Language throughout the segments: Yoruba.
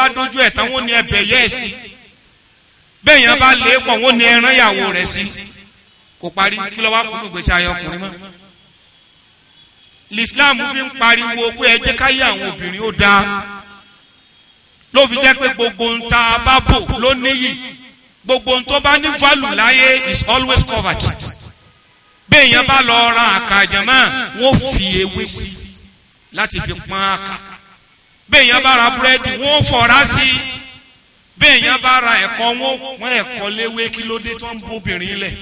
bá dójú ẹ̀ tán wọ́n ní ẹbẹ̀ yẹ́ ẹ̀ sí bẹ́ẹ̀ yẹn bá lé pọ̀ wọ́n ní ẹran ìyàwó rẹ̀ sí kò parí kí lọ́wọ́ kúrò gbèsè ayé ọkùnrin mọ́ l'islam fi ń pariwo pé ẹ jẹ́ káyé àwọn obìnrin ó dáa ló fi jẹ́ pé gbogbo ń ta bá ló níyì gbogbo ń tó bá ní value láyé is always covered bẹ́ẹ̀ yẹn bá lọ ra àkàjàmọ́ wọ́n fi ewé sí láti fi pọ́n àkàkà béèyàn bá ra búrẹ́dì wọ́n fọ̀rá sí i béèyàn bá ra ẹ̀kọ́ wọ́n pọ́n ẹ̀kọ́ léwé kí ló dé tó ń bó obìnrin lẹ̀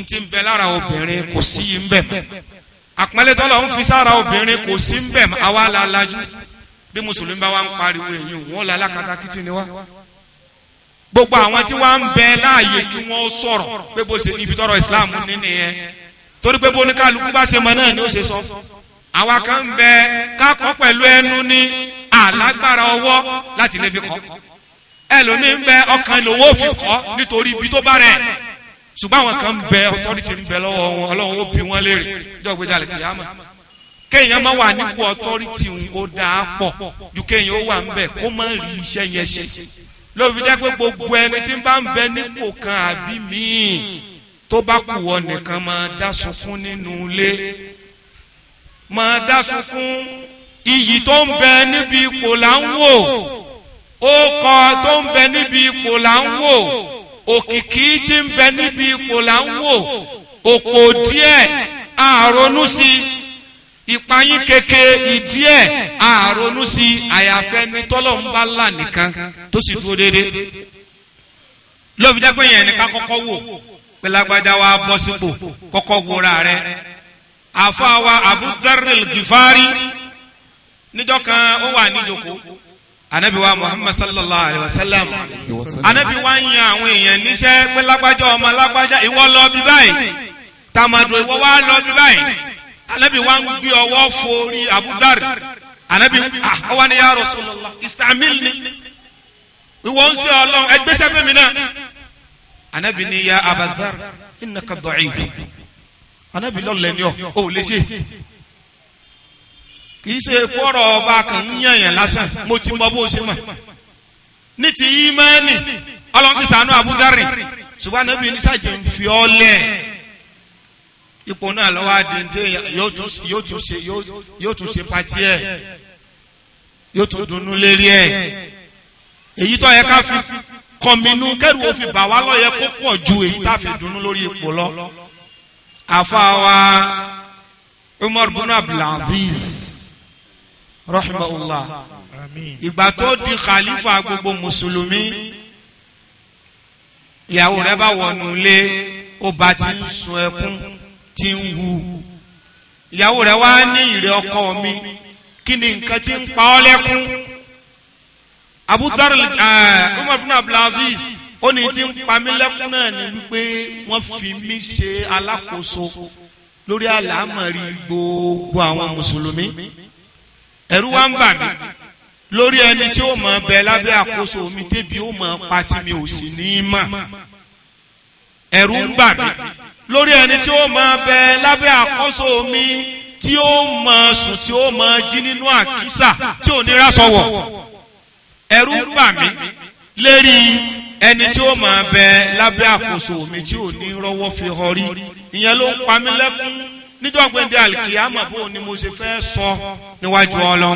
n ti bẹ lára obìnrin kò sí yìí ń bẹ̀ mọ́ àpọ́nlé tọ́lọ̀ ń fi sára obìnrin kò sí ń bẹ̀ àwa la lajú bí mùsùlùmí bá wà ń pariwo èyí wọ́n la alákatakítí ni wá gbogbo àwọn tí wọ́n ń bẹ láàyè kí wọ́n sọ̀rọ̀ pé bó ṣe ibi tọ́rọ̀ Islam ní nìyẹn torí pé bó ní kálukú bá ṣe mọ náà ni ó ṣe sọ fún un àwa kan ń bẹ kákọ́ pẹ̀lú ẹnu ní alágbára ọwọ́ láti lè fi kọ́ ẹlòmí ń bẹ ọkàn lówó fi kọ́ nítorí ibi tó bá rẹ̀ ṣùgbọ́n àwọn kan ń bẹ authority ń bẹ lọ́wọ́ wọn ọlọ́run ó bí wọ́n léèrè jọ gbé jalè kìyàmà kéèyàn máa wà nípò authority ó dáa pọ̀ ju kéèyàn ó wà ń bẹ kó má rí iṣẹ́ yẹn ṣe lóbi jẹ́ pé gbogbo ẹni tí ń bá ń bẹ nípò kan àbí míì tó bá kù ọ nìkan máa dá sunkún nínú ilé máa dá sunkún iyì tó ń bẹ níbi ipò là ń wò ókọ tó ń bẹ níbi ipò là ń wò òkìkí tí ń bẹ níbi ipò là ń wò òpò díẹ̀ àrònú sí ìpayín keke ìdíẹ̀ àrònú sí àyàfẹ́ ní tọ́lọ̀ ń bá là nìkan tó sì dúró déédéé lóbi jẹ́ pé yẹn nìkan kọ́kọ́ wò pé lágbájá wa bọ́ sípò kọ́kọ́ wòra rẹ̀ àfáwa Abu Dharr al-Ghifari níjọ́ kan ó wà níjòkó anabi wa Muhammad sallallahu alayhi wa sallam anabi wa ń yan àwọn èèyàn níṣẹ́ pé lágbájá ọmọ lágbájá ìwọ lọ bí báyìí tamadu ìwọ wa lọ bí báyìí anabi wa ń gbé ọwọ́ forí Abu Dharr anabi ah ọwọ́ ni ya Rasulullah istamilni ìwọ ń sọ Ọlọ́run ẹgbẹ́sẹ̀ fẹ́mi náà anabi ni ya Abu Dharr innaka da'if anábì lọ́lẹ̀ ni ọ ò lè ṣe kì í ṣe kọ́rọ̀ ọba kan ń yànyàn lásán mo ti mọ bó ṣe mọ̀ ní ti ìmánì ọlọ́run ti sànú abúdárì ṣùgbọ́n anábì ní sàjẹ́ ń fi ọ́ lẹ̀ ipò náà lọ́wọ́ adéǹdé yóò tún ṣe pàtí ẹ̀ yóò tún dunnú lérí ẹ̀ èyí tó yẹ ká fi kọminú kẹrù òfin bà wá lọ kó pọ̀ ju èyí tá a fi dunnú lórí ipò lọ àfàwà Umar bin Abdulaziz rahimahullah ìgbà tó di khalifa gbogbo mùsùlùmí ìyàwó rẹ̀ bá wọnú ilé ó bá ti ń sun ẹkún ti ń wu ìyàwó rẹ̀ wá ní ìrẹ ọkọ mi kí ni nǹkan ti ń pa ọ́ lẹ́kún Abu Dharr eh, Umar bin Abdulaziz ó ní tí ń pa mí lẹ́kún náà ni wípé wọ́n fi mí ṣe alákòóso lórí àlámọ̀rí gbogbo àwọn mùsùlùmí ẹ̀rú wa ń bà mí lórí ẹni tí ó máa bẹ lábẹ́ àkóso mi tẹ́bi ó máa pa tí mi ò sì ní í mà ẹ̀rú ń bà mí lórí ẹni tí ó máa bẹ lábẹ́ àkóso mi tí ó máa sùn tí ó máa jí nínú àkísà tí ò ní rásọwọ̀ ẹ̀rú ń bà mí lérí ẹni tí ó máa bẹ lábẹ́ àkóso mi tí ò ní rọ́wọ́ fi họrí ìyẹn ló ń pa mí lẹ́kún níjọ́ gbẹ̀ndé àlìkìyàmọ̀ bó ni mo ṣe fẹ́ sọ níwájú ọlọ́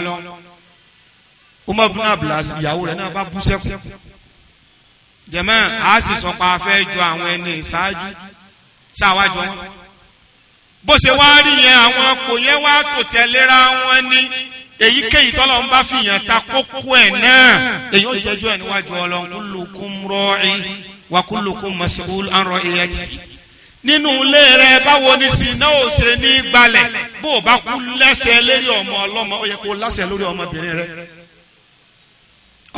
Umar bin Abdulaziz ìyàwó rẹ̀ náà bá bú sẹ́kù jẹ̀mọ́ a sì sọ pa afẹ́ ju àwọn ẹni ìṣáájú ṣáwájú wọn bó ṣe wá rí yẹn àwọn kò yẹn wá tò tẹ̀léra wọn ní èyíkéyìí tọ́lọ̀ ń bá fìyàn ta kókó ẹ̀ náà èyí ó jẹjọ́ ẹ̀ níwájú ọlọ́run kullukum ra'i wa kullukum mas'ul an ra'iyati. nínú ilé rẹ báwo ni sinna ò ṣe ní gbalẹ̀ bó o bá kú lẹ́sẹ̀ ọmọ ọlọ́mọ ó yẹ kó lásẹ̀ lórí ọmọbìnrin rẹ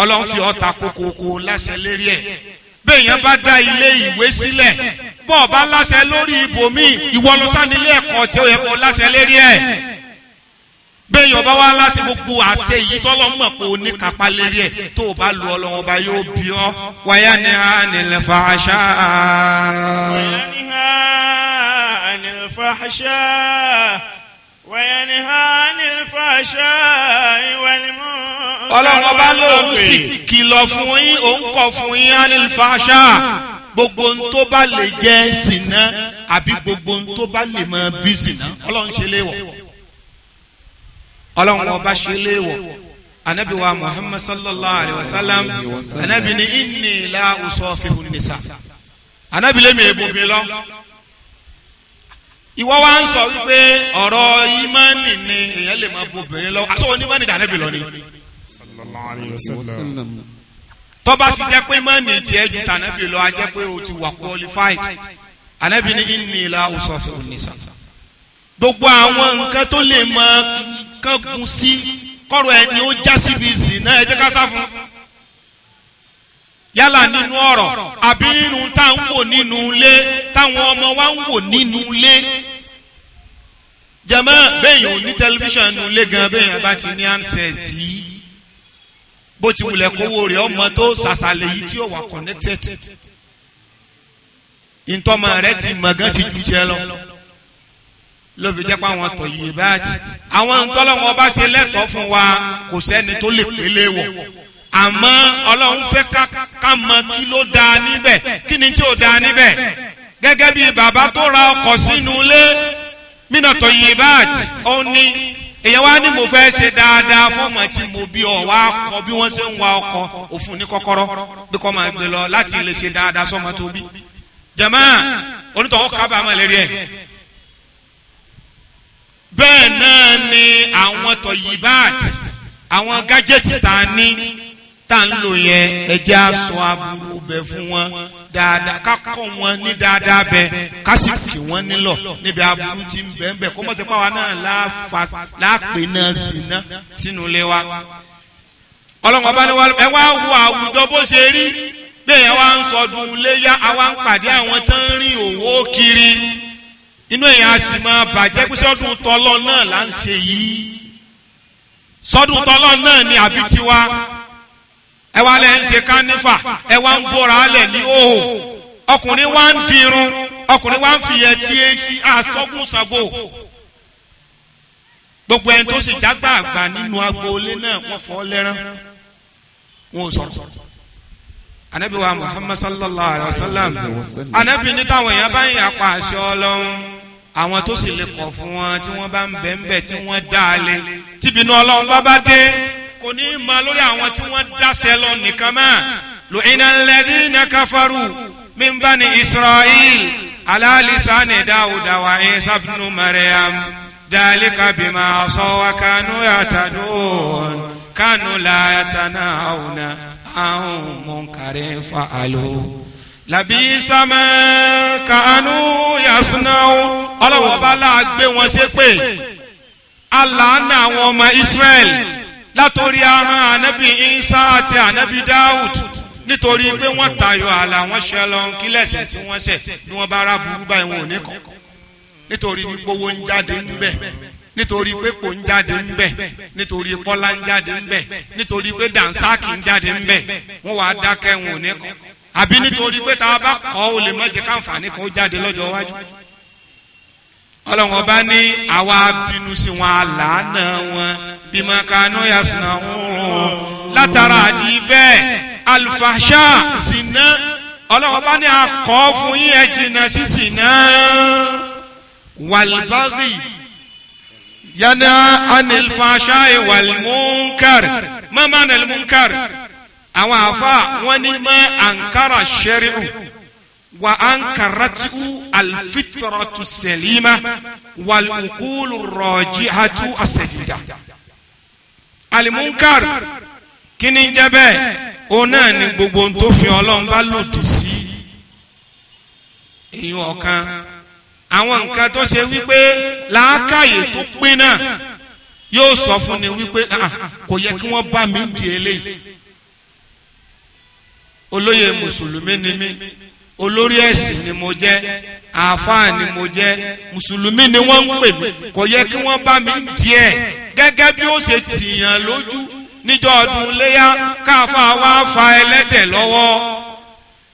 ọlọ́run fi ọ̀ta kókó kó lásẹ̀ lérí ẹ̀ bẹ́ẹ̀yàn bá dá ilé ìwé sílẹ̀ bọ́ọ̀ bá lásẹ̀ lórí ibòmíì ẹ̀kọ́ tí ó yẹ kó lásẹ̀ ẹ̀ bẹ́ẹ̀ yọ bá wá láti gbogbo àṣẹ yìí tọ́lọ́ mọ̀ pé o ní kápá lérí ẹ̀ tó o bá lu ọlọ́run ọba yóò bí ọ. wáyà ni a nílẹ̀ fà á ṣá. wáyà ni a nílẹ̀ fà á ṣá. wáyà ni a nílẹ̀ fà á ṣá. ìwà ni mo. ọlọ́run ọba lòun sì kìlọ̀ fún yín òun kọ̀ fún yín a nílẹ̀ fà á ṣá gbogbo ohun tó bá lè jẹ́ sìnà àbí gbogbo ohun tó bá lè mọ bí sìnà ọlọ́run ṣe léwọ̀ ọlọ́run ọba ṣe léèwọ̀ anabi wa muhammad sallallahu alayhi wa sallam anabi ni inni la usofihu nisa anabi lemi ebobi lọ ìwọ wa ń sọ wípé ọ̀rọ̀ ìmánì ni èèyàn lè máa bobìnrin lọ àtọwọ́ ní ìmánì dànẹ́bì lọ ni. tọ́ba sì jẹ́ pé ìmánì tiẹ̀ ju tànẹ́bì lọ a jẹ́ pé o ti wà qualified anabi ni inni la usofihu nisa gbogbo àwọn nǹkan tó lè mọ kángun sí kọ́rọ̀ ẹni ó já síbi ìsìn náà ẹ jẹ́ ká sá fún yálà nínú ọ̀rọ̀ àbí nínú tá à ń wò nínú ilé táwọn ọmọ wa ń wò nínú ilé jẹmọ bẹyìn ní tẹlifíṣàn nínú ilé gan bẹyìn bá ti ní ansẹẹtì bó ti wulẹ̀ kówó rẹ̀ ọmọ tó sàṣàlẹ̀ yìí tí ó wà connected ntọ́mọ rẹ ti mọ̀ gan ti ju tiẹ̀ lọ ló fi jẹ́ pé àwọn tọ̀ yìí báyìí àwọn ntọ́lọ́wọ́n bá ṣe lẹ́tọ̀ọ́ fún wa kò sẹ́ni tó lè pélé wọ̀ àmọ́ ọlọ́run fẹ́ ká mọ kí ló da, níbẹ̀ kí ni tí ò dáa níbẹ̀ gẹ́gẹ́ bí bàbá tó ra ọkọ̀ sínú ilé mínà tọ̀ yìí báyìí ó ní èyàn wá ní mo fẹ́ ṣe dáadáa fọ́ọ̀mù tí mo bí ọ wá kọ bí wọ́n ṣe ń wa ọkọ̀ òfun ní kọ́kọ́rọ́ bí kò máa gbé lọ láti lè ṣe dáadáa sọ́mọ tó bí jàmáà onítọ̀ọ́ bẹ́ẹ̀ náà ni àwọn toyibat àwọn gájẹ́tì tá a ní tá a ń lò yẹn ẹjẹ́ aṣọ aburú bẹ fún wọn dáadáa ká kọ́ wọn ní dáadáa bẹ ká sì kì wọ́n nílọ̀ níbi aburú tí ń bẹ́ẹ̀ bẹ́ẹ̀ kó mọ̀ sí pàwọn náà láàpẹ̀ náà sí ná sínú ilé wa ọlọ́wọ́n bá ní wọ́n ẹ wá wo àwùjọ bó ṣe rí bẹ́ẹ̀ yẹn wá ń sọdún léyà àwa ń pàdé àwọn tó ń rìn òwò kiri inú èèyàn a sì máa bàjẹ́ pé sọ́dún tọ́lọ́ náà là ń ṣe yìí sọ́dún tọ́lọ́ náà ni àbí tiwa ẹ wá lẹ́ ń ṣe kánífà ẹ wá ń bóra lẹ̀ ní òhò ọkùnrin wá ń dirun ọkùnrin wá ń fìyẹ tí e sí àsọkùnsago gbogbo ẹni tó sì jágbá àgbà nínú agboolé náà wọ́n fọ́ lẹ́rán wọn ò sọ̀rọ̀ anabi muhammad sallallahu alaihi wa sallam anabi ní táwọn èèyàn bá ń yà pa àṣẹ ọlọ́run àwọn tó sì lè kọ̀ fún wọn tí wọ́n bá ń bẹ̀ ń bẹ̀ tí wọ́n dá a lé tìbínú ọlọ́run bá bá dé kò ní í mọ lórí àwọn tí wọ́n dáṣẹ́ lọ nìkan mọ́ lu'ina alladhina kafaru min bani isra'il ala lisani dawuda wa isa ibn maryam dhalika bima asaw wa kanu ya'tadun kanu la yatanahawna an munkarin fa'alu. Labi sàmà kàánú yasunawo ọlọ́wọ́ bá láàgbé wọn ṣépè aláàánà àwọn ọmọ Israel látòrí ahọ́n ànábì Isa àti ànábì Daoud. nítorí pé wọ́n tayọ ààlà wọn ṣe ọlọ́run kí lẹ́sẹ̀ tí wọ́n ṣẹ̀ ni wọ́n bá ra burú báyìí wọn ò ní kàn nítorí gbogbo ń jáde ń bẹ̀ nítorí pé kò ń jáde ń bẹ̀ nítorí kọ́lá ń jáde ń bẹ̀ nítorí pé dànsáàkì ń jáde ń bẹ̀ wọ́n wàá dákẹ́ wọn ò ní kàn àbí nítorí pé tá a bá kọ́ ọ lè má jẹ́ káǹfààní kan ó jáde lọ́jọ́ iwájú ọlọ́run ọba ní àwa bínú sí wọn àlànà wọn bímọ kanú yasùnà wọn látara àdí bẹ́ẹ̀ alfàṣà zina ọlọ́run ọba ní akọ́ fún yín ẹ jìnnà sí zina wàlbáàgì yánà anilfàṣà ìwàlmúnkàr mọ́mọ́ anilmúnkàr àwọn àfa wọn ní mọ ankara shari'u wa ankaratu alfitratu selima walukulu rọjihatu asẹjida alimunkar kíni jẹ́ bẹ́ẹ̀ òun náà ni gbogbo tó fi Ọlọ́run bá lòdì sí èyí ọ̀kan àwọn nǹkan tó ṣe wípé làákàyè tó pín náà yóò sọ fún ni wípé ah, ah, kò yẹ kí wọ́n bá mi di eléyìí olóyè mùsùlùmí ni mí olórí ẹ̀sìn ni mo jẹ́ àáfàá ni mo jẹ́ mùsùlùmí ni wọ́n ń pè mí kò yẹ kí wọ́n bá mi díẹ̀ gẹ́gẹ́ bí ó ṣe tìyàn lójú níjọ́ ọdún léyà káfa wá fa ẹlẹ́dẹ̀ lọ́wọ́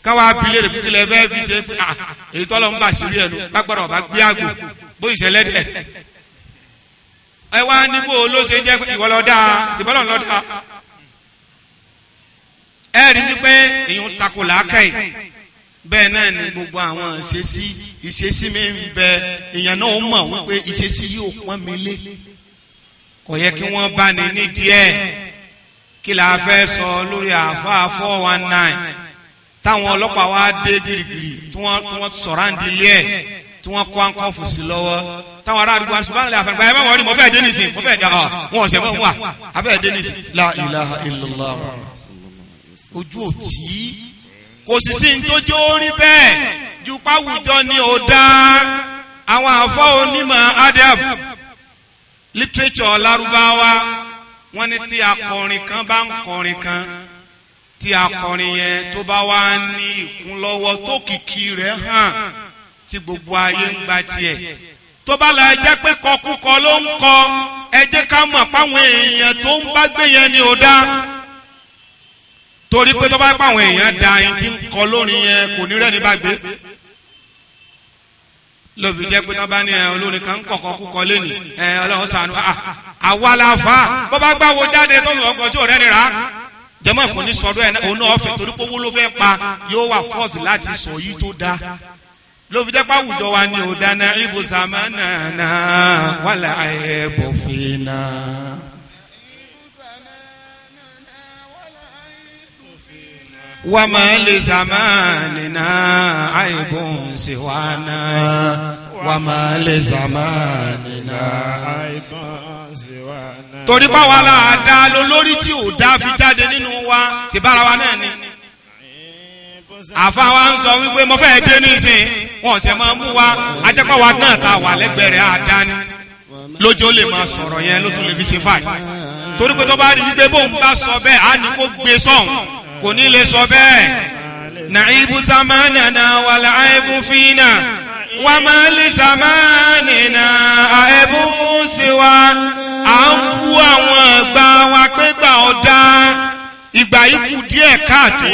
káwa abilé rẹ̀ kílẹ̀ fẹ́ fi ṣe ah, èyí tọ́lọ́ ń bà sí rí ẹnu ọba gbé àgò bó ìṣẹ̀lẹ̀ dẹ̀ ẹ wá níbo ló ṣe jẹ́ ìwọlọ́dà ìbọ́lọ́dà ẹ rí wípé èyí ń takò làákàyè bẹ́ẹ̀ náà ni gbogbo àwọn ìṣesí ìṣesí mi ń bẹ èèyàn náà ó mọ̀ wípé ìṣesí yóò pọ́n mi lé kò yẹ kí wọ́n bá ní nídìí ẹ̀ kí la fẹ́ sọ lórí àáfàá four one nine táwọn ọlọ́pàá wa dé gírígírí tí wọ́n sọ̀ráǹdì ilé ẹ̀ tí wọ́n kó àǹkọ́fù sí lọ́wọ́ táwọn ará àdúgbò àti subahana àfẹnugbà ẹ bá wọlé mọ fẹ́ dé nìsín mọ fẹ́ dé ọ wọn ọ̀sẹ̀ mọ wà abẹ́ dé ojú òtí kò sì sí ní tójú orí bẹ́ẹ̀ ju páwùjọ ni ò dá àwọn àfọ́ onímọ̀ adab literature lárúbáwá wọ́n ní tí akọrin kan bá ń kọrin kan tí akọrin yẹn tó bá wá ní ìkúnlọ́wọ́ tó kìkì rẹ̀ hàn tí gbogbo ayé ń gba tiẹ̀ tó bá la jẹ́ pé kọkúkọ ló ń kọ ẹ ká mọ̀ páwọn èèyàn tó ń bá gbé yẹn ni ò dá torí pé tó bá pa àwọn èèyàn da ẹni tí ń kọ lórin yẹn kò ní rẹ́ni bá gbé lóbi jẹ́ pé tó bá ní olórin kan ń kọ̀kọ́ kúkọ lẹ́nì ẹ ọlọ́run sànú ah, àwa la fa bó bá gbáwo jáde tó ń lọ́kọ̀ tí ò rẹ́ni rà jẹ́mọ̀ kò ní sọ̀rọ̀ ẹ̀ òun náà ọ̀fẹ́ torí pé owó ló fẹ́ pa yóò wà fọ́ọ̀sì láti sọ yìí tó dáa lóbi jẹ́ pé àwùjọ wa ni ò dáná ibùsàmánà náà wàlà ẹ̀ bọ̀fin náà. وما لزماننا عيب سوانا وما لزماننا عيب سوانا torí báwa la dá lólórí tí ò dá fi jáde nínú wa ti bára wa náà ni àfa wa ń sọ wípé mo fẹ́ dé nísìn wọn ṣe máa mú wa ajẹ́pọ̀ wa náà ta wà lẹ́gbẹ̀rẹ̀ àdáni lójú lè máa sọ̀rọ̀ yẹn ló tún lè fi ṣe fàáyì torí pé tó bá rí i pé bóun bá sọ bẹ́ẹ̀ á ní kó gbé sọ̀hún kò ní lè sọ bẹ́ẹ̀ nàìbù sàmánàna wàlà àìbù fínà wà máa lè sàmánàna àìbù síwá à ń kú àwọn ìgbà wa pé gbà ọ̀dá ìgbà yìí kù díẹ̀ káàtó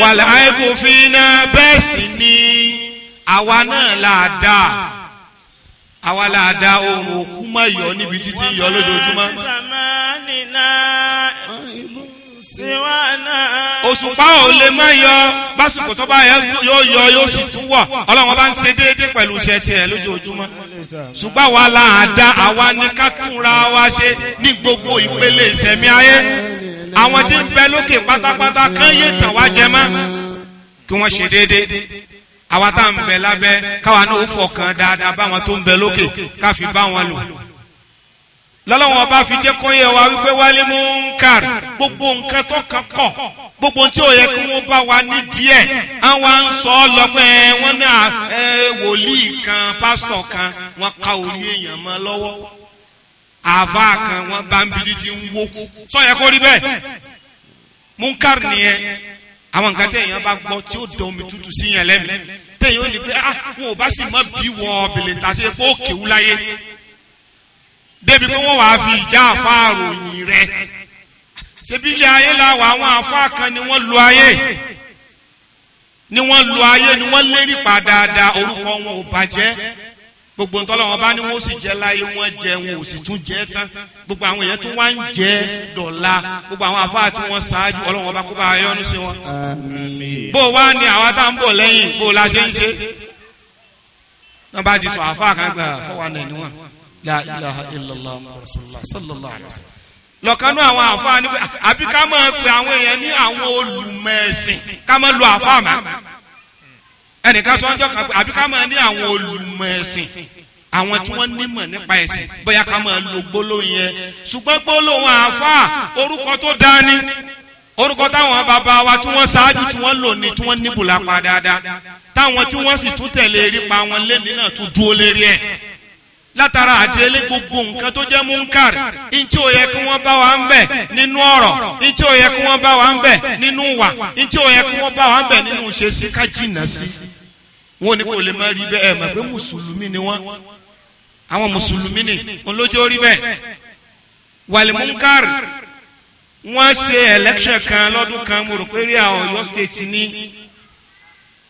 wàlà àìbù fínà bẹ́ẹ̀ sì ni àwa náà là àwa là ohun òkú mọ̀ yọ níbi títí yọ lójoojúmọ́ òṣùpá ò lè má yọ básùkò tó bá yóò yọ yóò sì tún wọ̀ ọlọ́run bá ń ṣe déédé pẹ̀lú iṣẹ́ tiẹ̀ lójoojúmọ́ ṣùgbọ́n wa la àdá àwa ní ká túnra wa ṣe ní gbogbo ìpele ìṣẹ̀mí ayé àwọn tí ń bẹ lókè pátápátá kán yé tàn wá jẹ mọ́ kí wọ́n ṣe déédé àwa tá à ń bẹ lábẹ́ káwa náà ó fọkàn dáadáa báwọn tó ń bẹ lókè káfi báwọn lò lọ́lọ́wọ́n ọba fi jẹ́ kó wa wípé wálé munkar gbogbo nǹkan tó kàn kọ̀ gbogbo tí ò yẹ kí wọ́n bá wa ní díẹ̀ àwọn ń sọ ọ́ lọ́pẹ́ wọ́n ní wòlíì kan pásítọ̀ kan wọ́n ka orí èèyàn mọ́ lọ́wọ́ àáfà kan wọ́n bá ń bíjí ti ń wó sọ yẹ kó rí bẹ́ẹ̀ munkar nìyẹn àwọn nǹkan tí èèyàn bá gbọ́ tí ó dán omi tútù sí yẹn lẹ́mìí tẹ̀yìn ó ní pé ah wọn ò bá sì mọ́ bí wọ́n débi pé wọ́n wàá fi ìjà àfa àròyìn rẹ̀ ṣebí ilé ayé làwọn àwọn àfa kan ni wọ́n lu ayé ni wọ́n lu ayé ni wọ́n lérí pa dáadáa orúkọ wọn ò bàjẹ́ gbogbo ntọ́lọ́wọ́n bá ní wọ́n sì jẹ́ láyé wọ́n jẹ wọn ò sì tún jẹ́ tán gbogbo àwọn èèyàn tún wá ń jẹ dọ̀la gbogbo àwọn afáà tí wọ́n ṣáájú ọlọ́wọ́n bá kó bá yọ́nú sí wọn. bó wá ní àwa tá ń bọ̀ lẹ́yìn bó la ṣe ń ṣe. náà bá ti sọ àfáà kan gbà fọwọ́ náà níwọ̀n la ilaha illallah rasulullah sallallahu alaihi wasallam lọ́kànú àwọn àfáà ní àbí ká máa pe àwọn èèyàn ní àwọn olùmẹ̀ẹ̀sìn ká máa lo àfáà mọ́ ẹnìkan sọ ọjọ́ kan pé àbí ká máa ní àwọn olùmẹ̀ẹ̀sìn àwọn tí wọ́n nímọ̀ nípa ẹ̀sìn bóyá ká máa lo gbólóhùn yẹn ṣùgbọ́n gbólóhùn àfáà orúkọ tó dání orúkọ táwọn bàbá wa tí wọ́n ṣáájú tí wọ́n lò ní tí wọ́n níbùlà pa dáadáa táwọn tí wọ́n sì tún tẹ̀lé erípa wọn lé nínà látara àjẹlé gbogbo nǹkan tó jẹ́ munkar ntí ó yẹ kí wọ́n bá wa ń bẹ̀ nínú ọ̀rọ̀ ntí ó yẹ kí wọ́n bá wa ń bẹ̀ nínú wà ntí ó yẹ kí wọ́n bá wa ń bẹ̀ nínú ṣe sí ká sí. wọn ò ní kò lè má rí bẹ́ẹ̀ mọ̀ pé mùsùlùmí ni wọ́n àwọn mùsùlùmí ni olójó rí bẹ́ẹ̀. munkar wọ́n ṣe kan lọ́dún kan mo rò àwọn Ọ̀yọ́ state ní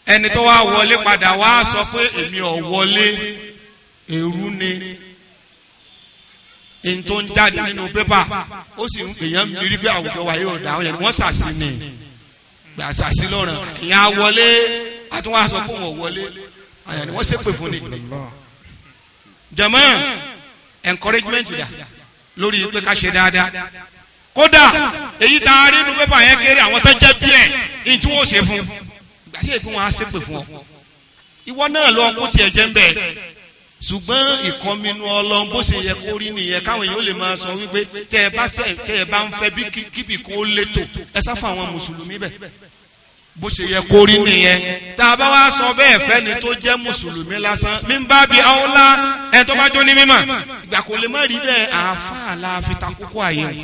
ẹni èrú ni n tó ń jáde nínú pépà ó sì ń èèyàn mírí pé àwùjọ wa yóò dá ọyàn wọn ṣàṣì ni gbà ṣàṣì lọ́ràn ìyẹn á wọlé àtúnwá sọ fún wọn wọlé àyàn wọn ṣépè fún ni jama encouragement da lórí pé ká ṣe dáadáa kódà èyí tá a rí inú pépà yẹn kéré àwọn tó jẹ bíẹ ní wọn ò ṣe fún gbàṣẹ ìpín wọn á fún ọ ìwọ náà lọ kó tiẹ̀ jẹ́ ń bẹ́ẹ̀ ṣùgbọ́n ìkọminú ọlọ́run bó ṣe yẹ kó rí nìyẹn káwọn èèyàn lè máa sọ wípé tẹ ẹ bá ṣe tẹ ẹ bá ń fẹ́ bí kíbi kó létò ẹ sá fún àwọn mùsùlùmí bẹ̀ bó ṣe yẹ kó rí nìyẹn tá a bá wá sọ bẹ́ẹ̀ fẹ́ni tó jẹ́ mùsùlùmí lásán mi ń bá bi aola ẹ tó bá jó ní mímọ̀ ìgbà kò lè má rí bẹ́ẹ̀ àáfàá la fi ta kókó àyè wò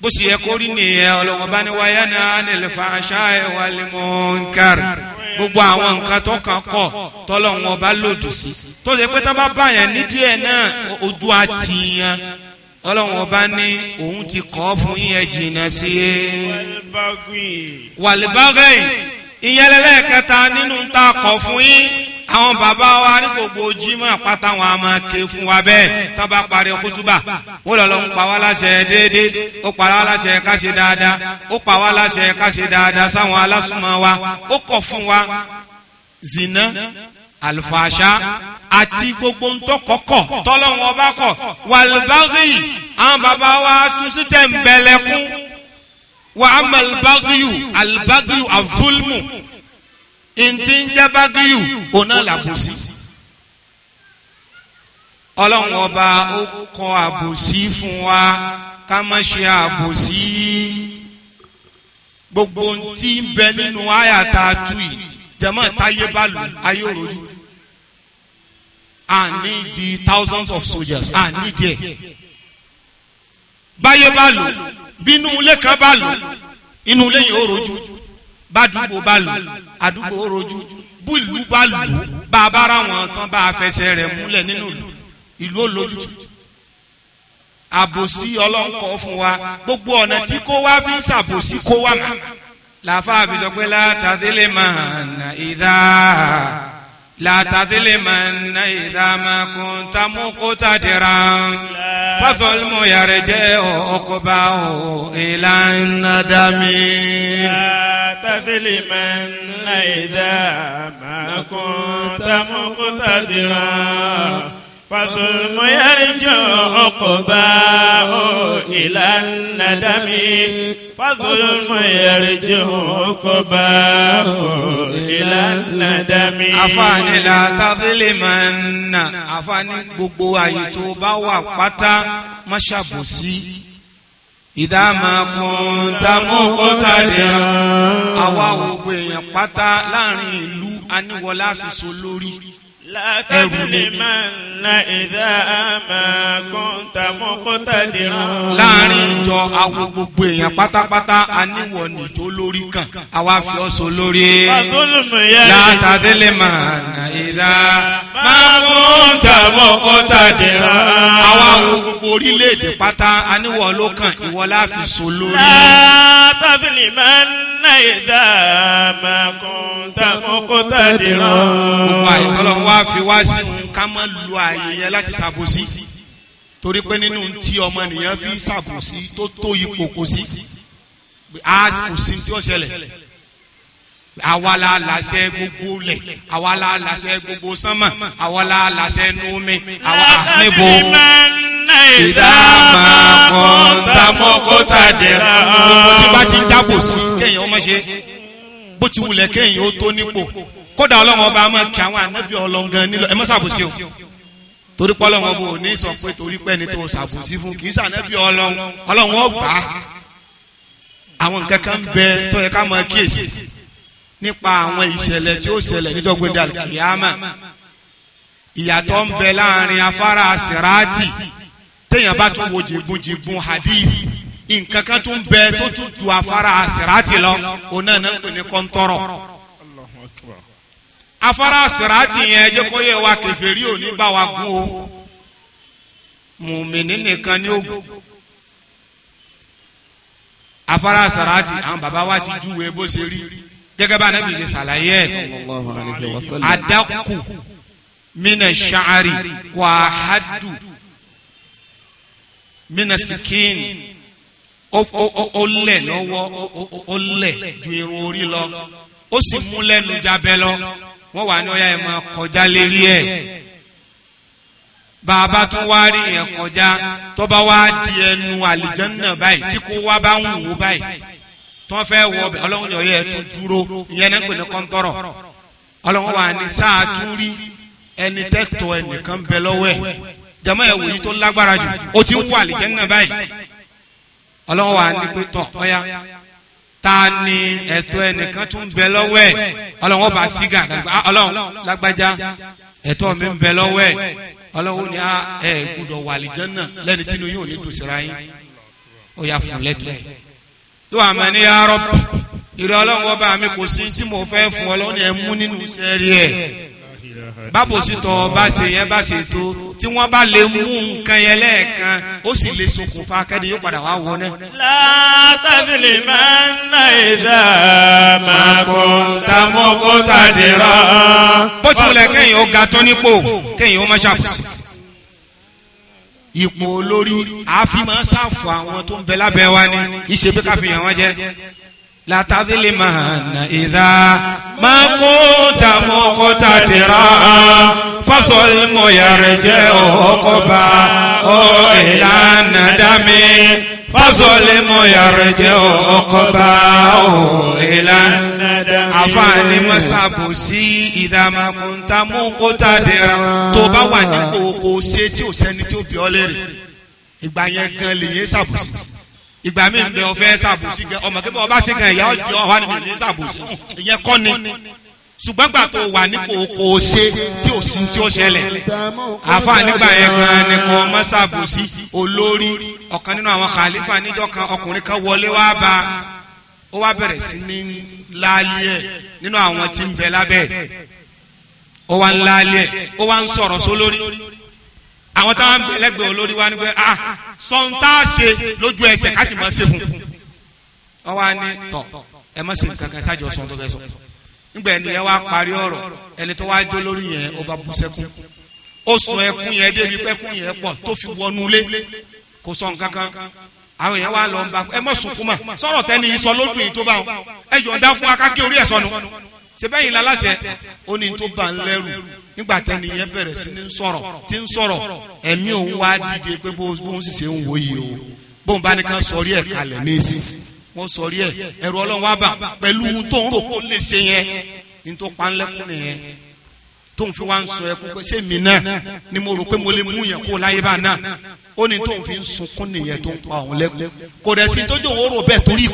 bó ṣe yẹ kó rí nìyẹn ọlọ́wọ́n bá ní wáyé náà nílẹ̀ gbogbo àwọn nǹkan tó kàn kọ̀ tọ́lọ́run ọba lòdì sí tó ṣe pé tábà báyẹn nídìí ẹ̀ náà ojú àti yan ọlọ́run ọba ní òun ti kọ́ fún yín jìnnà sí i. wàlíbágẹ́yìn ìyẹlẹ́lẹ́ kẹta nínú ta kọ̀ fún yín àwọn bàbá wa ní gbogbo jimá pátá wọn a máa ké fún wa bẹ́ẹ̀ tá bá parí kútúbà wọ́n lọ́ọ́ ń pa wá láṣẹ déédéé ó pa wá láṣẹ ká dáadáa ó pa wá láṣẹ ká dáadáa sáwọn alásùnmọ́ wa ó kọ̀ fún wa zina alifasa àti gbogbo ntọ́ kọ́kọ́ ọba kọ̀ wàlúbárì àwọn bàbá wa tún sí tẹ̀ ń bẹ̀lẹ̀kún wà á mọ alibáríyù ntí ń jẹ́ bágíyù òun náà làbòsí ọlọ́run ọba ó kọ àbòsí fún wa ká má ṣe àbòsí gbogbo ntí ń bẹ nínú àyà tá a tú yìí jẹ́mọ́ táyé bá lù ayé òrojú and need the thousands of soldiers I need there báyé bá lù bínú ilé kan bá lù inú ilé yìí ó bádùúgbò bá lù àdúgbò rojú búlù bá lù bá a bára wọn tán bá a fẹsẹ̀ rẹ̀ múlẹ̀ nínú ìlú olójútù àbòsí ọlọ́nkọ́ fún wa gbogbo ọ̀nà tí kò wá fi ń ṣàbòsí kò wá mà láfa àbísọ pé látàdélé ìdá. لا تظلمن إذا ما كنت مقتدرا فظلم يرجع عقباه إلى الندم لا تظلمن إذا ما كنت مقتدرا فظلم يرجع عقباه إلى الندم فظلم يرجع عقباه إلى الندم àfààní لا تظلمن àfààní gbogbo àyè tó bá wà pátá má ṣàbòsí ìdá máa kun dàmú kọ́tàdé àwa ògbó èèyàn pátá láàrin ìlú aníwọlá fi so lórí ẹrù ni mi. láàrin ìjọ àwọn gbogbo èèyàn pátápátá aníwọ̀ nìjó lórí kan àwa fi ọ́ so lórí. látàdélé máa nà ìdá máa kún tàbọ̀ kó tàdé rán. àwa àwọn gbogbo orílẹ̀-èdè pátá aníwọ̀ ló kàn ìwọ la fi so lórí. látàdélé máa nà ìdá máa kún tàbọ̀ kó tàdé gbogbo àìtọ́lọ́wọ́ wá fi wá sí òun ká má lu ààyè yẹn láti ṣàbòsí torí pé nínú tí ọmọnìyàn fi ṣàbòsí tó tó ipò kò sí a kò sí tí ó ṣẹlẹ̀ àwa la gbogbo lẹ̀ àwa la gbogbo sánmà àwa la láṣẹ nuomi àwa níbo ìdáàmà kọ́ńtàmọ́kọ́tà dẹ̀ gbogbo tí bá ti jábò sí kéèyàn ọmọ ṣe ti wulẹ̀ kéèyàn ó tó nípò kódà ọlọ́run ọba máa kí àwọn ànábì ọlọ́run gan nílò ẹ má ṣàbòsí o torí pé ọlọ́run ọba ò ní sọ pé torí pé ẹni tó ṣàbòsí fún kì í ṣànábì ọlọ́run ọlọ́run ó gbà á àwọn nǹkan kan bẹ tó yẹ ká máa kíyèsí nípa àwọn ìṣẹ̀lẹ̀ tí ó ṣẹlẹ̀ nídọ́gbẹ́dẹ́ alikiyama ìyàtọ̀ ń bẹ láàrin afárá sirati téèyàn bá tún wo jìbùjìbùn hadithi nǹkan kan tún bẹ tó tún ju afárá asirati lọ òun náà náà pè ní kọ́ńtọ́rọ̀ afárá asirati yẹn jẹ́ kó yẹ wa kèfèrí òní bá wa gún o mùmìnì nìkan ní ògùn afárá asirati àwọn bàbá wa ti júwe bó ṣe rí gẹ́gẹ́ bá anábì ṣe ṣàlàyé ẹ̀ adákù mina ṣaari wàhádù mina sikin ó lẹ̀ lọ́wọ́ ó lẹ̀ ju irun orí lọ ó sì mú lẹ́nu jábẹ́ lọ wọ́n wà ní ọ̀yá ẹ̀ máa kọjá lérí ẹ̀ bàbá tún wá rí yẹn kọjá tó bá wá di ẹnu àlìjánná báyìí tí kò wá bá ń wò báyìí tó fẹ́ wọ ọbẹ̀ ọlọ́run ní ọ̀yẹ́ ẹ̀ tó dúró ìyẹn náà pè ní kọ́ńtọ́rọ̀ ọlọ́run wà ní sáà tún rí ẹni tẹ́tọ̀ ẹnìkan bẹ lọ́wọ́ ẹ̀ jàmọ́ ẹ̀ wòye tó lágbára jù ó ti ń wọ àlìjánná báyìí ọlọ́run wa ní pé tọ̀ ọ̀yá ta ni ẹ̀tọ́ ẹnìkan tún bẹ lọ́wọ́ ẹ̀ ọlọ́run ọba sígà ah, ọlọ́run lágbájá ẹ̀tọ́ mi ń bẹ lọ́wọ́ ẹ̀ ọlọ́run ní ah, ẹ̀ gbọ́dọ̀ wà àlìjánà lẹ́ni tínú yóò ní dùsìrà yín ó yà fún lẹ́tọ́ ẹ̀ tó wà mọ́ ní arọ́pù ìrẹ́ ọlọ́run ọba mi kò sí tí mo fẹ́ fún ọlọ́run ẹ̀ mú nínú sẹ́rí ẹ̀ bábò sí tọ́ bá ṣe yẹn bá ṣe tó tí wọ́n bá lè mú nǹkan yẹn lẹ́ẹ̀kan ó sì lè ṣokùnfà kẹ́ni yóò padà wá wọ náà. látàbílì máa ń ná ìdá máa kó tamọ́kó tàdírà. bó tilẹ̀ kẹ́yìn ó ga tán nípò kẹ́yìn ó má ṣàkóso. ipò olórí àfi máa ń ṣàfù àwọn tó ń bẹ lábẹ́ wa ni kì í ṣe pé káfíń àwọn jẹ́ látàzílìmọ̀nà ìdá máa kó tàmú kọ́tà dìrà fásọlímọ̀ yàrá jẹ́ ọkọ̀ bá ọ ìlànà dámì fásọlímọ̀ yàrá jẹ́ ọkọ̀ bá ọ ìlànà dámì. àfààní mọ́sàbò sí ìdààmú tàmú kọ́tà dìrà tó bá wà nípò kò ṣe tí ò sẹ́ni tí ó bí ọ lérè ìgbà yẹn gan lè yẹn ṣàbòsí ìgbà mi bẹ ọfẹ ṣàbòsí gan ọmọ kébẹ ọba ṣe gan ìyá ọjọ ọwa ni mi ní ṣàbòsí ìyẹn kọ́ ni ṣùgbọ́n gbà tó wà nípò kò ṣe tí ò sí tí ó ṣẹlẹ̀ àfa nígbà yẹn gan ni kò mọ́ ṣàbòsí olórí ọ̀kan nínú àwọn khalifa níjọ́ kan ọkùnrin kan wọlé wá bá ó wá bẹ̀rẹ̀ sí ní láàlẹ́ nínú àwọn tí ń bẹ lábẹ́ ó wá ń láàlẹ́ ó wá ń sọ̀rọ̀ sólórí àwọn táwọn ẹlẹgbẹ́ olórí wa ni pé ah sọ̀ǹtà ṣe lójú ẹsẹ̀ ká sì máa ṣe fún un wọ́n wá ní tọ̀ ẹ má ṣe nǹkan kan ṣáàjọ sọ̀n tó fẹ́ sọ nígbà ẹni yẹn wá parí ọ̀rọ̀ ẹni tó wá jó lórí yẹn ó bá bú sẹ́kún ó sọ ẹkún yẹn débi pẹ́kún yẹn pọ̀ tó fi wọnú lé kò sọ nǹkan kan àwọn yẹn wá lọ ń bá ẹ má sunkún mà sọ̀rọ̀ tẹ́ni sọ lódùn yìí tó bá wọn ẹ jọ̀ dá fún akáké orí ẹ̀ sọnù ṣe bẹ́yìn lálásẹ̀ nígbà tẹ́ni yẹn bẹ̀rẹ̀ sí ní sọ̀rọ̀ tí ń sọ̀rọ̀ ẹ̀mí òun wá dìde pé bó ń ṣiṣẹ́ ń wòye o bóun bá ní ká sọrí ẹ̀ kalẹ̀ ní ìsìn wọ́n sọrí ẹ̀ ẹ̀rọ ọlọ́run wá bà pẹ̀lú ohun tó ń rò kó lè ṣe yẹn ní tó pa ńlẹ́kùn nìyẹn tó ń fi wá ń sọ ẹkún pé ṣé mi náà ni mo rò pé mo lè mú yẹn kó láyé bá náà ó ní tó ń fi ń sunkún nìyẹn tó ń pa òun lẹ́kùn kò dẹ̀ sí tójú òun rò bẹ́ẹ̀ torí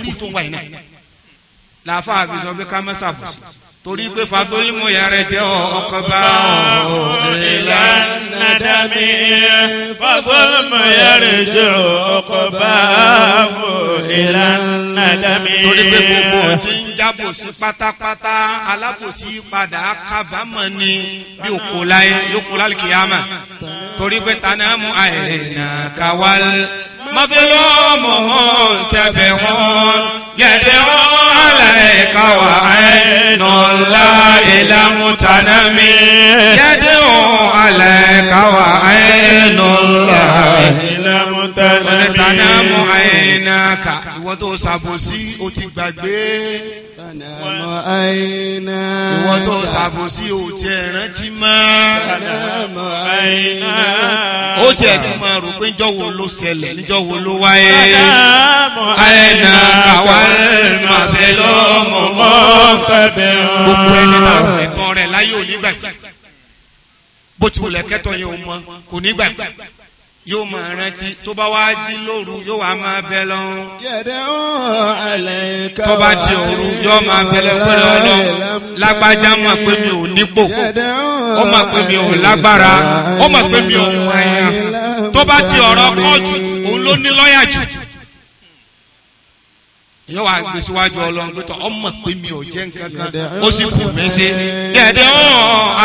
torí pé fatolimu yàrá jẹ́ ọkọ̀ bá ọ̀ ìlànà dàmí fatolimu yàrá jẹ́ ọkọ̀ bá ọ̀ ìlànà dàmí. torí pé gbogbo tí ń jábòsí pátápátá alábòsí padà kábàámọ̀ ni bí òkú láyé yókù lálùkìyàmà torí pé tanámù àìrìnà kawal. مظلوم تبع يدعو عليك وعين الله إلى متنمي يدعو عليك وعين الله إلى متنمي ونتنم عينك ìwọ tó ṣàbòsí ó ti gbàgbé ìwọ tó ṣàbòsí ò tiẹ̀ rántí mọ́ ó tiẹ̀ tún máa rò pé níjọ́ wo ló ṣẹlẹ̀ níjọ́ wo ló wáyé àyẹ̀nà kàwá màbẹ́ lọ́mọ mọ́ gbogbo ẹni náà ẹ̀tọ́ rẹ̀ láyé ò ní gbàgbé bó ti wùlẹ̀ kẹ́tọ̀ yẹn ò mọ kò ní gbàgbé yóò máa rántí tó bá wá jí lóru yóò wá máa bẹ lọ́hún. yẹ̀dẹ̀ ó àlẹ́ ká wá. tó bá di òru yóò máa bẹ̀rẹ̀ pẹ̀lú ọlọ́run lágbájá mọ̀ pé mi ò nípò ó mọ̀ pé mi ò lágbára ó mọ̀ pé mi ò mọ tó bá di ọ̀rọ̀ kóòtù òun ló ní lọ́ọ̀yà jù. yóò wá gbé síwájú ọlọ́run pé tó ọ mọ̀ pé mi ò jẹ́ nǹkan kan ó sì kù mí sí. yẹ̀dẹ̀ ó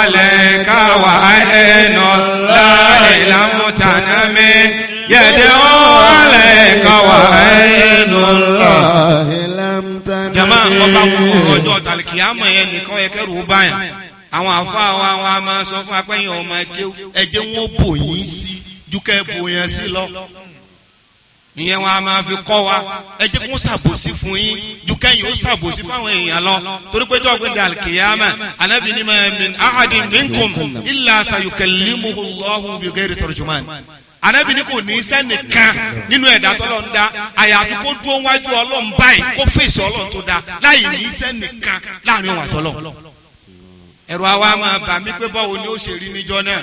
àlẹ́ ká wá ẹ̀ náà láàrin láwọn الغنم يدعو عليك وعين الله لم تنم جماعة ọba ọjọ́ tàlìkìyàmọ̀ yẹn nìkan yẹ kẹrù báyà àwọn àfáà wa wa máa sọ fún apẹ́yìn ọmọ ẹjẹ́ wọn bò yín sí dúkẹ́ bò yẹn sí lọ ìyẹn wọn a máa fi kọ́ wa ẹ jẹ́ kí wọ́n ṣàbòsí fún yín ju kẹ́yìn ó ṣàbòsí fáwọn èèyàn lọ torí pé jọ́ọ̀gbìn dà kìyàmà anabi ni ma min ahadi minkum illa sayukallimuhu Allahu bi ghairi tarjuman anabi ni kò ní sẹ́nìkan nínú ẹ̀dá tọ́lọ̀ ń da àyàfi kó dúró wájú ọlọ́run báyìí kó fèsì ọlọ́run tó da láì ní sẹ́nìkan láàrin òun àtọ́lọ̀ ẹ̀rọ àwa máa bà mí pé báwo ni ó ṣe rí níjọ́ náà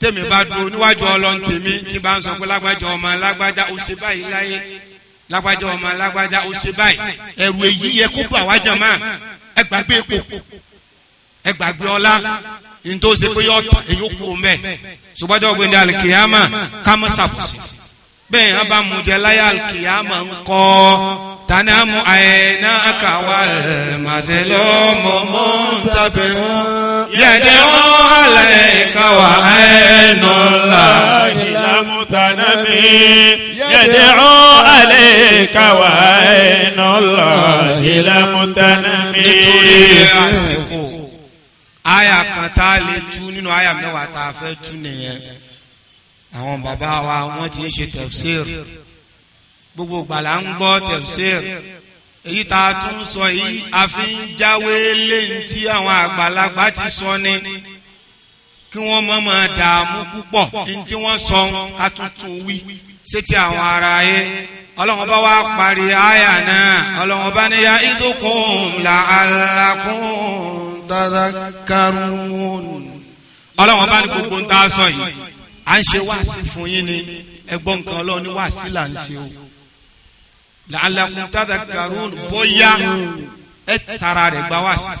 tèmi bá dúró níwájú ọlọ́run tèmi tí bá ń sọ pé lágbájá ọmọ lágbájá ó ṣe báyìí láyé lágbájá ọmọ lágbájá ó ṣe báyìí ẹ̀rù èyí yẹ kó bà wá jàmá ẹ gbàgbé epo ẹ gbàgbé ọlá nítorí ṣe pé yọ̀ọ̀tọ̀ èyí ó kú mẹ́ ṣùgbọ́n tó gbẹ̀dẹ̀ alikiyama kámọ́ ṣàfùsì bẹ́ẹ̀ yẹn bá mú jẹ láyé alikiyama ńkọ́ تنام عيناك والمظلوم منتبه يدعو عليك وعين الله لم تنمي يدعو عليك وعين الله لم تنمي nítorí àsìkò àyà kan tá a lè tú nínú àyà mẹ́wàá tá a fẹ́ tú nìyẹn àwọn wa wọ́n ti gbogbo gbàlà ń gbọ́ tẹ̀síìr èyí tá a tún sọ yìí a fi ń jáwé léyìn tí àwọn àgbàlagbà ti sọ ni kí wọ́n mọ̀ mọ̀ dààmú púpọ̀ ní tí wọ́n sọ ká tuntun wí sétí àwọn ará yẹ ọlọ́run bá wá parí àyà náà ọlọ́run bá ní ya idhukum la'allakum tadhakkarun. ọlọ́run bá ní gbogbo ń tá a sọ yìí à ń ṣe wáàsí fún yín ni ẹgbọ́n nǹkan ọlọ́run ní wáàsí là ń ṣe o la'allakum tadhakkarun bóyá ẹ tara rẹ̀ gba wáàsí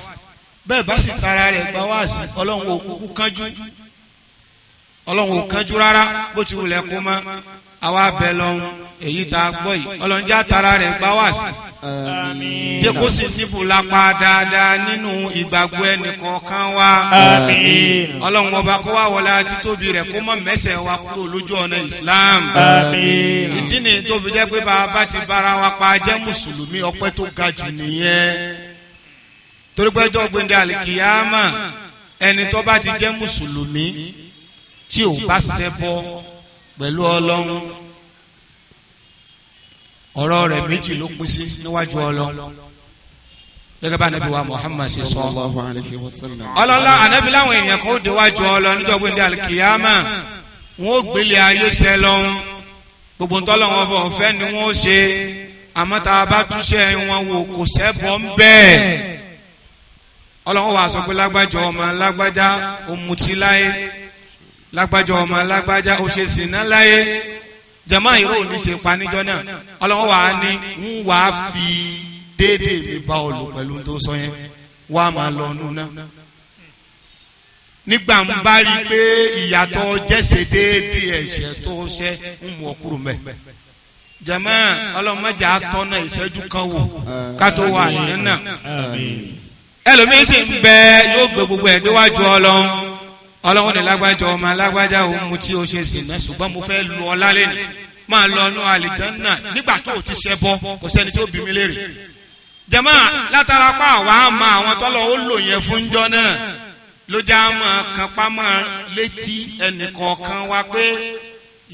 bẹ́ẹ̀ bá sì tara rẹ̀ gba wáàsí ọlọ́run òkú kánjú ọlọ́run òkú kánjú rárá bó ti wulẹ̀ kó mọ́ àwa bẹ̀ lọ́hùn èyí tá a gbọ́ yìí ọlọ́njẹ́ àtàrà rẹ̀ gbá wá sí i jẹ́ kó sì níbù lápá dáadáa nínú ìgbàgbọ́ ẹnìkọ̀ọ̀kan wa ọlọ́run ọba kó wá wọlé àti tóbi rẹ̀ kó mọ̀ mẹ́sẹ̀ wa kúrò lójú ọ̀nà Islam ìdí ni tóbi jẹ́ pé bàbá ti bára wa pa jẹ́ mùsùlùmí ọpẹ́ tó ga jù nìyẹn torí pé ẹjọ́ gbẹ̀ndẹ̀ àlìkìyàmà ẹni tó bá ti jẹ́ mùsùlùmí tí ò bá ṣẹbọ pẹ̀lú ọlọ́run ọ̀rọ̀ rẹ̀ méjì ló pín sí níwájú ọlọ gẹ́gẹ́ bá anabi wa muhammad ṣe sọ ọlọ́lá anabi láwọn ènìyàn kan ó déwájú ọlọ níjọba ìdí alikiyama wọn ó gbélé ayé sẹ lọ́hún gbogbo ntọ́lọ́ wọn bọ̀ ọ̀fẹ́ ni wọ́n ó ṣe àmọ́ tá a bá túnṣe wọn wò kò sẹ́bọ̀ ń bẹ́ẹ̀ ọlọ́wọ́ wa sọ pé lágbájá ọmọ lágbájá ó mutí láyé lágbájá ọmọ lágbájá ó ṣe sìnà láyé jama ìró òní ṣe panijọ náà ọlọ́wọ́ wa ní ń wà á fi déédéé mi bá ọ lò pẹ̀lú tó sọ yẹn wà á máa lọ nù náà. nígbà ń bá rí i pé ìyàtọ̀ jẹ́sẹ̀ déédéé ẹ̀ṣẹ̀ tó ṣẹ́ ń mú ọ kúrò mẹ́. kan wò kátó wà nìyẹn náà. ẹlòmíín ń bẹ yóò gbé gbogbo ẹ̀ níwájú ọlọ́run ọlọ́wọ́n ní lágbájá ọmọ lágbájá òun mu tí o ṣe sì náà ṣùgbọ́n mo fẹ́ lu ọlá lẹ́nu máa lọ inú àlìjánná nígbà tó o ti ṣẹ bọ kò sẹ́ni tó bí mi léèrè jama látara pa àwa àmà àwọn tọ́lọ̀ ó lò yẹn fún jọ náà ló já mọ́ kápámọ́ létí ẹnìkọ̀ọ̀kan wa pé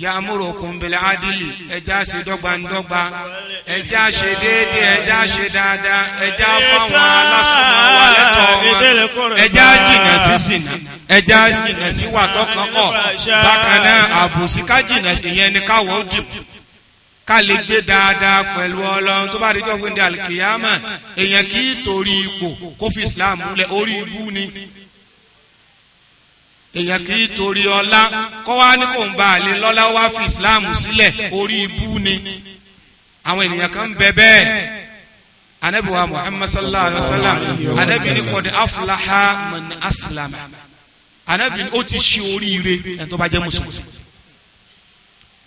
yàmúrò kùnbẹ̀lẹ̀ adìlì ẹja ṣe dọ́gbandọ́gba ẹja ṣe déédé ẹja ṣe dáadáa ẹja fáwọn alásùnmọ́ wa lẹ́tọ̀ọ́ wọn ẹja jìnnà sísìnà ẹja jìnnà sí wà tọkàn kọ bákan náà àbòsí ká jìnnà sí yẹn ni káwọ́ jù ká lè gbé dáadáa pẹ̀lú ọlọ́run tó bá rí jọ́ gbẹ́ndé alikiyama èèyàn kì í torí ipò kó fi islam lẹ̀ orí ibú ni èèyàn kì í torí ọlá kọ́ wá ní kò ń bá àlè lọ́lá wá fi islam sílẹ̀ orí ibú ni àwọn ènìyàn kan bẹ bẹ́ẹ̀ anabiwa muhammad sallallahu alaihi wa sallam anabi ni kọ́ni aflaha man aslama anabi ó ti ṣe oríire ẹni tó bá jẹ́ mùsùlùmí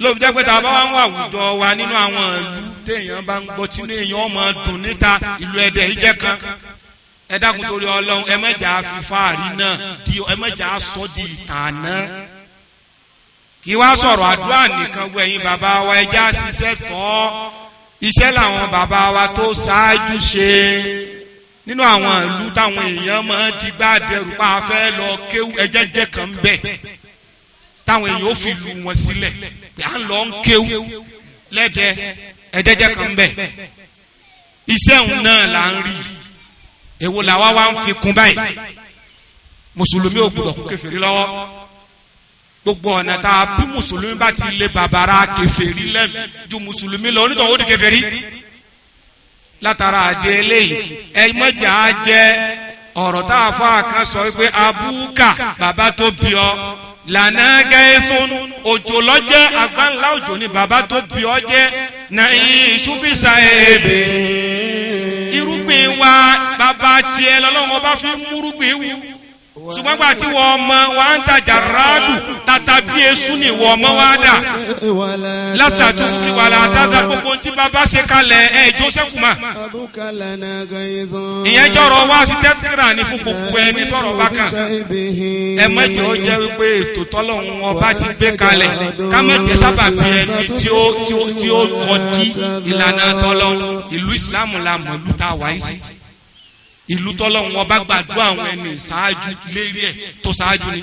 lóòbí jẹ́ pé tá a bá wà àwùjọ wa nínú àwọn ìlú téèyàn bá ń gbọ́ tí inú èèyàn ọmọ dùn níta ìlú ẹ̀dẹ̀ ìjẹ́ kan ẹ torí ọlọ́run ẹ mẹ́jà fífáàrí náà di ẹ mẹ́jà sọ di ìtànà kí wá sọ̀rọ̀ àdúrà nìkan gbọ́ ẹ̀yin bàbá wa ẹja ṣiṣẹ́ tọ́ iṣẹ́ làwọn bàbá wa tó ṣáájú ṣe nínú àwọn ìlú táwọn èèyàn máa di gbàdẹrù pa afẹ́ lọ kéwú ẹjẹjẹ kan bẹ̀ táwọn èèyàn ó fi lu wọn sílẹ̀ pé à ń lọ ń kéwú lẹ́dẹ ẹjẹjẹ kan bẹ̀ iṣẹ́ òun náà là ń rí èwo làwa wá ń fi kún báyìí mùsùlùmí ò gbọdọ̀ kú kèfèrí lọ́wọ́ gbogbo ọ̀nà tá a bí mùsùlùmí bá ti lé bàbára kèfèrí lẹ́nu ju mùsùlùmí lọ onítọ̀ ó di kèfèrí látara àjẹ eléyìí ẹ mọ̀jà á jẹ́ ọ̀rọ̀ tá a fọ́ àkàn sọ wípé abúkà bàbá tó bí ọ lànà gẹ̀ẹ́sùn òjò lọ́jẹ́ agbáńlá òjò ni bàbá tó bí ọ jẹ́ na ìṣúbìsà èèbè irúgbìn wa bàbá tiẹ̀ lọ́lọ́wọ́ bá fi múrúgbìn wù ṣùgbọ́n ti tí wọ́n ọmọ wa ń tajà ráàdù tata bí esu ni wọ́n ọmọ wa dà lásìkò tó kí wà lá tata gbogbo tí bàbá ṣe kalẹ̀ ẹ̀ jósẹ́kùmá ìyẹn jọrọ wá sí tẹ́kìrà ní fún gbogbo ẹni tọrọ bá kàn ẹ mẹ́jọ ó jẹ́ wípé ètò tọ́lọ́hún ọba ti gbé kalẹ̀ kámẹ́tẹ̀ sábà bí ẹni tí ó tí ó tí ó kọ́ di ìlànà tọ́lọ́hún ìlú ìsìlámù la mọ̀ ìlú wáyé sí ìlú tọ́lọ́run wọn bá gbàdúrà àwọn ẹni ṣáájú lérí ẹ̀ tó ṣáájú ni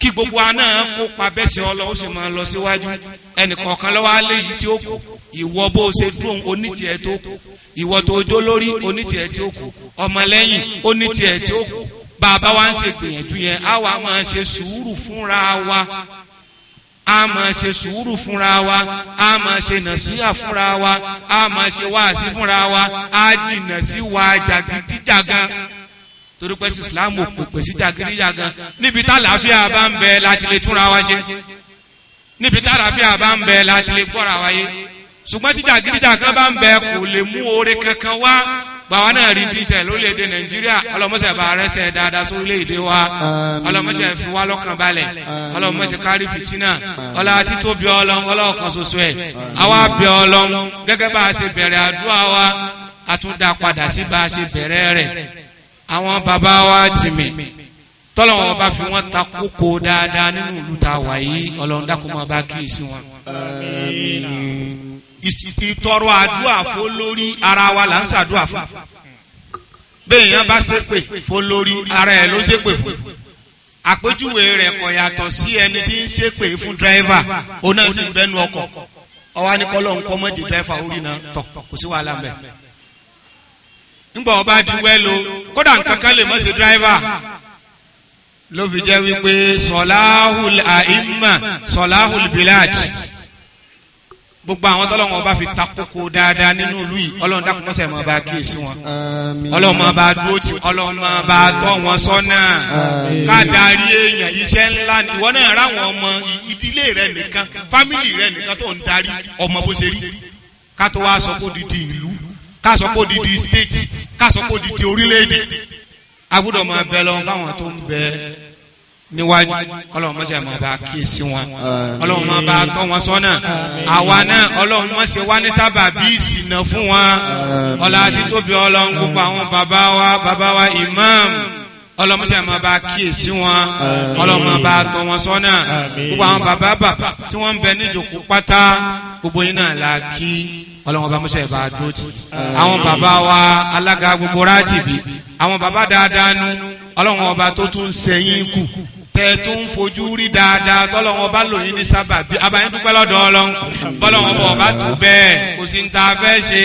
kí gbogbo wa náà kópa bẹ́sẹ̀ ọlọ́wọ́ sì máa lọ síwájú ẹnìkọ̀ọ̀kan lọ́wọ́ alẹ́ yìí tí ó kù ìwọ bó o ṣe dùn onítìẹ̀ tó kù ìwọ tó jó lórí onítìẹ̀ tí ó kù ọmọlẹ́yìn onítìẹ̀ tí ó kù bàbá wa ń ṣe gbìyànjú yẹn á wà máa ṣe sùúrù fúnra wa a máa ṣe sùúrù fúnra wa a máa ṣe nàṣíà fúnra wa a máa ṣe wáàsí fúnra wa a jìnà sí wa jàgídíjàgan torí pé islam kò pè sí jàgídíjàgan níbi tálàáfíà bá ń bẹ láti lè túnra wa ṣe níbi tálàáfíà bá ń bẹ láti lè gbọ́ra wa yé ṣùgbọ́n tí jàgídíjàgan bá ń bẹ kò lè mú oore kankan wá gbàwa náà rí ti ṣe lórílẹ̀‐èdè nàìjíríà ọlọ́mọṣẹ́ bá rẹ́sẹ̀ dáadáa sórílẹ̀‐èdè wa ọlọ́mọṣẹ́ fi wá lọ́kàn balẹ̀ ọlọ́mọṣẹ́ kárí fìtínà ọlá títóbi ọlọ́run ọlọ́ọ̀kan ṣoṣo ẹ̀ àwa bẹ̀ ọlọ́run gẹ́gẹ́ bá a ṣe bẹ̀rẹ̀ àdúrà wa a tún dá padà sí bá a ṣe bẹ̀rẹ̀ rẹ̀ àwọn bàbá wa ti mì tọ́lọ́wọ́n bá fi wọ́n ta kókó dáadáa nínú ìlú ta wà ọlọ́run dákúmọ́ bá kíyèsí wọn ìtọrọ àdúrà fó lórí ara wa là ń ṣàdúrà fún bẹ́ẹ̀ yẹn bá ṣépè fó lórí ara ẹ̀ ló ṣépè fún àpèjúwe rẹ̀ kò yàtọ̀ sí ẹni tí ń ṣépè fún dírẹ́fà oná sì ń bẹ́nu ọkọ̀ ọwọ́ anìkọ́lọ́ ń kọ́ mọ́jì dírẹ́fà orí náà tọ̀ kò sí wàhálà mẹ́ ńgbà ọba di wẹ́lo kódà nǹkan lè mọ̀ sí dírẹ́fà ló fi jẹ́ wípé sọ̀láhùl àìmà sọ̀láhùl bíláàdì gbogbo àwọn tọ́lọ́wọ́n bá fi takoko dáadáa nínú ìlú yìí ọlọ́run dákúnmọ́sẹ̀ máa bá kíyèsí wọn ọlọ́run bá dúró tì ọlọ́run bá tọ́ wọn sọ́nà kádàrí èèyàn iṣẹ́ ńlá ni ìwọ náà ráwọn ọmọ ìdílé rẹ nìkan fámìlì rẹ nìkan tó ń darí ọmọ bó ṣe rí ká tó wá sọ kó didi ìlú ká sọ kó didi state ká sọ kó didi orílẹ̀-èdè a máa bẹ lọ fáwọn tó ń bẹ níwájú ọlọ́run mọ̀sẹ̀ máa bá kíyèsí wọn ọlọ́run máa bá tọ́ wọn sọ́nà àwa náà ọlọ́run mọ̀sẹ̀ wá ní sábà bí ìsìnà fún wọn ọlá àti tóbi ọlọ́run gbogbo àwọn bàbá wa bàbá wa imam ọlọ́mọṣẹ́ máa bá kíyèsí wọn ọlọ́mọ bá tọ́ wọn sọ́nà gbogbo àwọn bàbá bàbá tí wọ́n ń bẹ níjòkó pátá gbogbo yín náà la kí ọlọ́mọ bá mọṣẹ́ bá dúró tì àwọn bàbá wa alága gbogbo rátìbì àwọn bàbá dáadáa nu ọlọ́mọ ọba tó tún sẹ́yìn kù tẹ tó ń fojú rí dáadáa tọ́lọ́wọ́n bá lòyìn ní sábà bí abayín dúpẹ́ lọ́dọ̀ ọlọ́run bọ́lọ́wọ́n bọ̀ ọba tó bẹ́ẹ̀ kò sí ní ta fẹ́ ṣe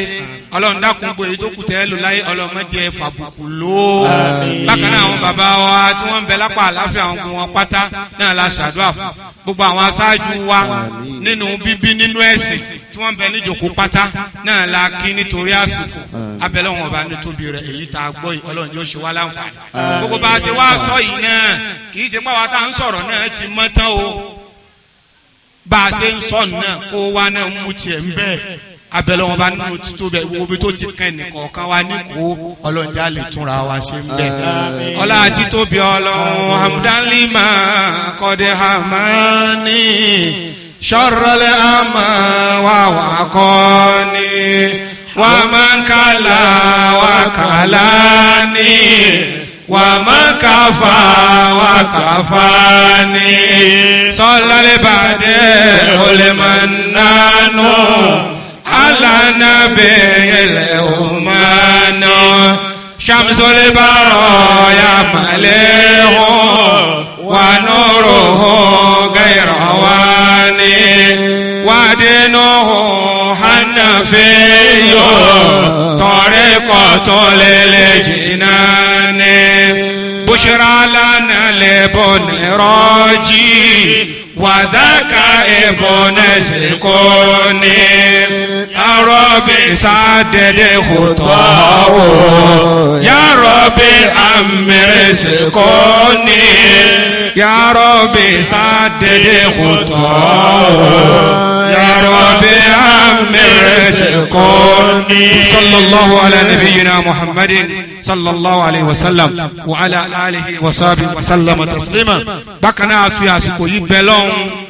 ọlọ́run dákun bo èyí tó kù tẹ́ lò láyé ọlọ́mọdé fàbùkù ló bákan náà àwọn bàbá wa tí wọ́n ń bẹ lápá àláfíà àwọn ọkùnrin wọn pátá náà la ṣàdúrà fún gbogbo àwọn aṣáájú wa nínú bíbí nínú ẹ̀sìn wọ́n bẹ níjòkó pátá náà la kí nítorí àsìkò abẹ́lẹ́ wọn bá nítorí rẹ̀ èyí tá a gbọ́ yìí ọlọ́run yóò ṣe wá láǹfààní. gbogbo bá a ṣe wá sọ yìí náà kì í ṣe pàwọn tá à ń sọ̀rọ̀ náà ti mọ́ tán o bá a ṣe ń sọ náà kó wa náà mú tiẹ̀ ń bẹ́ẹ̀ abẹ́lẹ́ wọn bá nínú títú bẹ́ẹ̀ wo bí tó ti kàn nìkan kan wá ní kó ọlọ́njà lè túnra wa ṣe ń bẹ́ẹ̀. ọlá àti tóbi ọlọ́run hamdanlima hamani ṣọ́rọ̀lẹ̀ àmà wà wà kọ́ ni wà máa ń kàlà wà kàlà ni wà máa ń kàfà wà kàfà ni sọ́lálẹ̀ bàdẹ́ olè máa ń nánú alánàbẹ̀ ilẹ̀ òmànà ṣàmùsọ̀lẹ̀ bàrọ̀ yà màlẹ́ hàn wà nọ́rọ̀ hàn ni wàdínúhù hànàfẹ́yọ̀ tọ̀rí kọ̀tún lélẹ̀ jìnnà ni bùṣírà lánàá lẹ́bọ̀ nìrọ́jì wàdákàá. ابن سكوني ربي سدد خطاه يا ربي أمر سكوني يا ربي سدد خطاه يا ربي أمر سكوني صلى الله على نبينا محمد صلى الله عليه وسلم وعلى آله وصحبه وسلم تسليما بكنا في أسكو يبلون